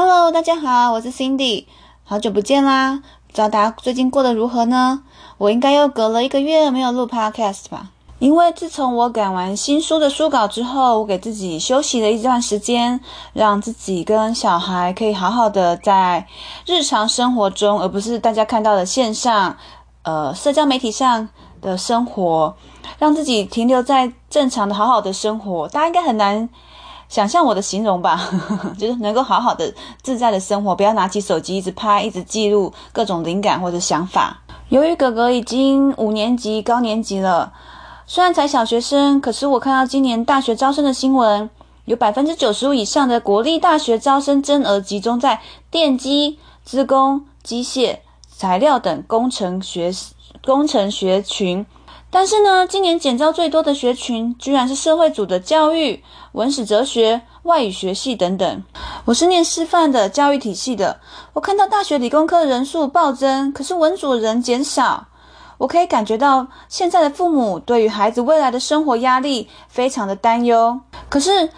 Hello，大家好，我是 Cindy，好久不見啦！不知道大家最近過得如何呢？我應該又隔了一個月沒有錄 Podcast 吧？因為自從我趕完新書的書稿之後，我給自己休息了一段時間，讓自己跟小孩可以好好的在日常生活中，而不是大家看到的線上，呃，社交媒體上的生活，讓自己停留在正常的好好的生活。大家應該很難，想象我的形容吧， 就是能夠好好的，自在的生活，不要拿起手機一直拍，一直記錄各種靈感或者想法。由於哥哥已經五年級，高年級了，雖然才小學生，可是我看到今年大學招生的新聞，有百分之九十五以上的國立大學招生增額集中在電機、資工、機械、材料等工程學，工程學群。但是呢，今年減招最多的學群，居然是社會組的教育、文史哲學、外語學系等等。我是念師範的教育體系的，我看到大學理工科人數暴增，可是文組的人減少。我可以感覺到，現在的父母對於孩子未來的生活壓力非常的擔憂。可是，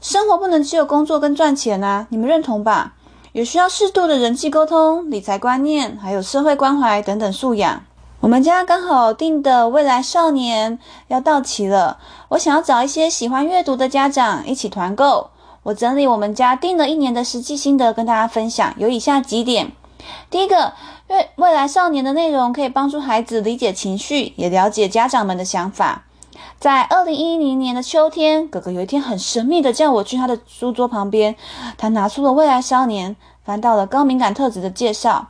生活不能只有工作跟賺錢啊，你們認同吧？也需要適度的人際溝通、理財觀念，還有社會關懷等等素養。我們家剛好訂的《未來少年》要到期了，我想要找一些喜歡閱讀的家長一起團購。我整理我們家訂了一年的實際心得跟大家分享，有以下幾點：第一個，未《未來少年》的內容可以幫助孩子理解情緒，也了解家長們的想法。在二零一零年的秋天，哥哥有一天很神秘的叫我去他的書桌旁邊，他拿出了《未來少年》，翻到了高敏感特質的介紹，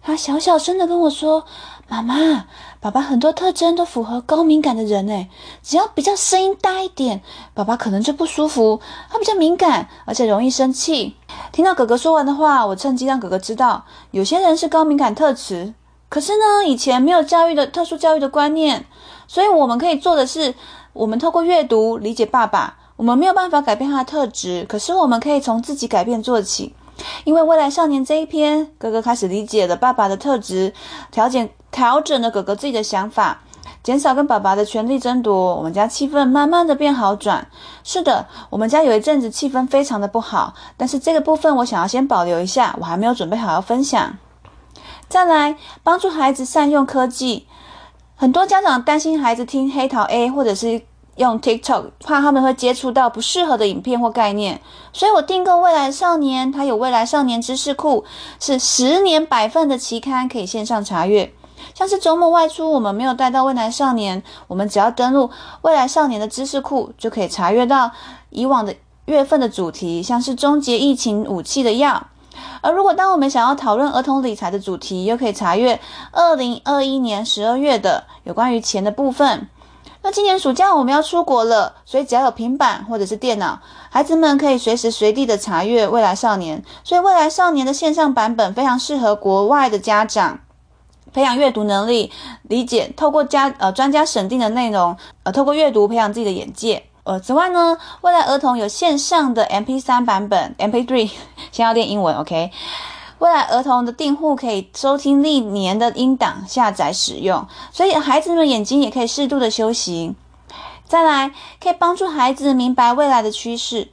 他小小聲地跟我說。媽媽，爸爸很多特徵都符合高敏感的人誒，只要比較聲音大一點，爸爸可能就不舒服。他比較敏感，而且容易生氣。聽到哥哥說完的話，我趁機讓哥哥知道，有些人是高敏感特質。可是呢，以前沒有教育的特殊教育的觀念，所以我們可以做的是，我們透過閱讀理解爸爸。我們沒有辦法改變他的特質，可是我們可以從自己改變做起。因為未來少年這一篇，哥哥開始理解了爸爸的特質，調節。調整了哥哥自己的想法，減少跟爸爸的權力爭奪，我們家氣氛慢慢的變好轉。是的，我們家有一陣子氣氛非常的不好，但是這個部分我想要先保留一下，我還沒有準備好要分享。再來，幫助孩子善用科技，很多家長擔心孩子聽黑桃 A 或者是用 TikTok，怕他們會接觸到不適合的影片或概念，所以我訂購未來少年，他有未來少年知識庫，是十年百份的期刊，可以線上查閱。像是周末外出，我們沒有帶到未來少年，我們只要登錄未來少年的知識庫，就可以查閱到以往的月份的主題，像是終結疫情武器的藥。而如果當我們想要討論兒童理財的主題，又可以查閱二零二一年十二月的有關於錢的部分。那今年暑假我們要出國了，所以只要有平板或者是電腦，孩子們可以隨時隨地的查閱未來少年。所以未來少年的線上版本非常適合國外的家長。培養閱讀能力，理解透過家呃專家審定的內容，呃，透過閱讀培養自己的眼界。呃，此外呢，未來兒童有線上的 MP3 版本，MP3 先要練英文，OK？未來兒童的訂戶可以收聽歷年的音檔下載使用，所以孩子們的眼睛也可以適度的休息。再來，可以幫助孩子明白未來的趨勢。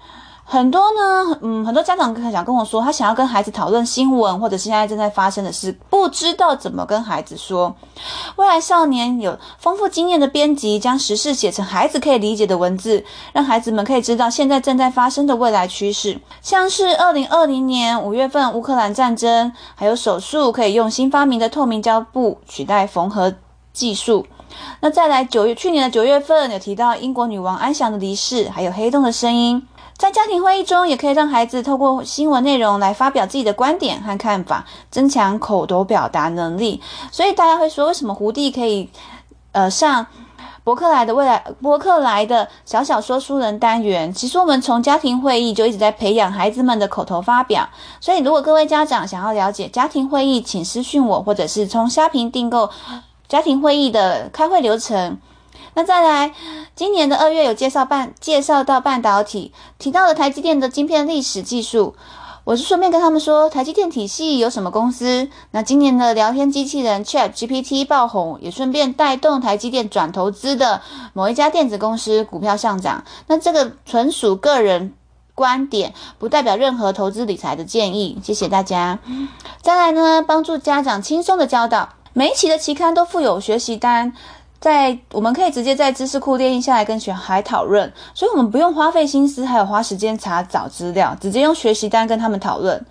很多呢，嗯，很多家長想跟我說，他想要跟孩子討論新聞或者是現在正在發生的事，不知道怎麼跟孩子說。未來少年有豐富經驗的編輯，將時事寫成孩子可以理解的文字，讓孩子們可以知道現在正在發生的未來趨勢，像是二零二零年五月份烏克蘭戰爭，還有手術可以用新發明的透明膠布取代縫合技術。那再來九月，去年的九月份有提到英國女王安詳的離世，還有黑洞的聲音。在家庭會議中，也可以讓孩子透過新聞內容來發表自己的觀點和看法，增強口頭表達能力。所以大家會說，為什麼胡弟可以，呃，上博客來的未來博客來的小小說書人單元？其實我們從家庭會議就一直在培養孩子們的口頭發表。所以如果各位家長想要了解家庭會議，請私訊我，或者是從蝦皮訂購家庭會議的開會流程。那再來，今年的二月有介紹半介紹到半導體，提到了台積電的晶片歷史技術。我是順便跟他們說，台積電體系有什麼公司？那今年的聊天機器人 Chat GPT 爆紅，也順便帶動台積電轉投資的某一家電子公司股票上漲。那這個純屬個人觀點，不代表任何投資理財的建議。謝謝大家。嗯。再來呢，幫助家長輕鬆的教導，每一期的期刊都附有學習單。在我們可以直接在知識庫列印，下來跟小孩討論，所以我們不用花費心思，還有花時間查找資料，直接用學習單跟他們討論。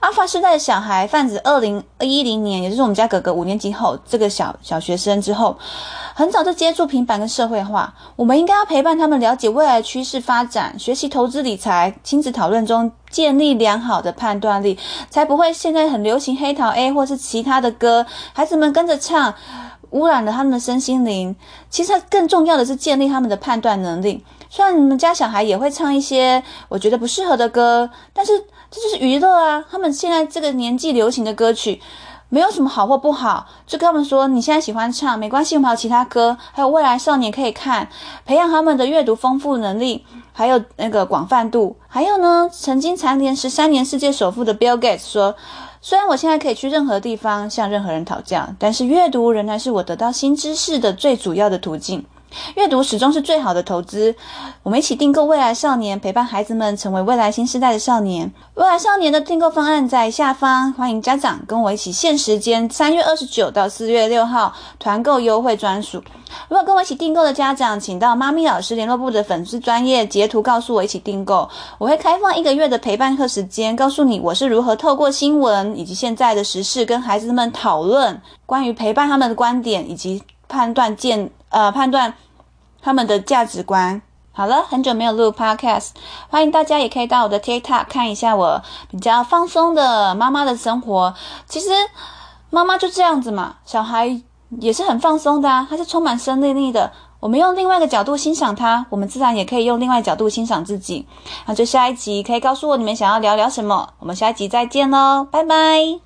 阿發世代的小孩，泛指二零一零年，也就是我們家哥哥五年級後這個小小學生之後，很早就接觸平板跟社會化。我們應該要陪伴他們了解未來趨勢發展，學習投資理財，親子討論中建立良好的判斷力，才不會現在很流行黑桃 A 或是其他的歌，孩子們跟着唱。污染了他們的身心靈。其實更重要的是建立他們的判斷能力。雖然你們家小孩也會唱一些我覺得不適合的歌，但是這就是娛樂啊。他們現在這個年紀流行的歌曲沒有什麼好或不好。就跟他們說，你現在喜歡唱沒關係，我們還有其他歌，還有未來少年可以看，培養他們的閱讀豐富能力，還有那個廣泛度。還有呢，曾經蟬聯十三年世界首富的 Bill Gates 說。雖然我現在可以去任何地方，向任何人討教，但是閱讀仍然是我得到新知識的最主要的途徑。閱讀始終是最好的投資。我們一起訂購《未來少年》，陪伴孩子們成為未來新世代的少年。《未來少年》的訂購方案在下方，歡迎家長跟我一起限時間3月29到4月6號，三月二十九到四月六號團購優惠專屬。如果跟我一起訂購的家長，請到媽咪老師聯絡部的粉絲專頁截圖告訴我一起訂購，我會開放一個月的陪伴課時間，告訴你我是如何透過新聞以及現在的時事跟孩子們討論關於陪伴他們的觀點以及。判斷見，呃，判斷他們的價值觀。好了，很久沒有錄 Podcast，歡迎大家也可以到我的 TikTok 看一下我比較放鬆的媽媽的生活。其實媽媽就這樣子嘛，小孩也是很放鬆的啊，他是充滿生命力的。我們用另外一個角度欣賞他，我們自然也可以用另外一個角度欣賞自己。那就下一集可以告訴我你們想要聊聊什麼，我們下一集再見嘍，拜拜。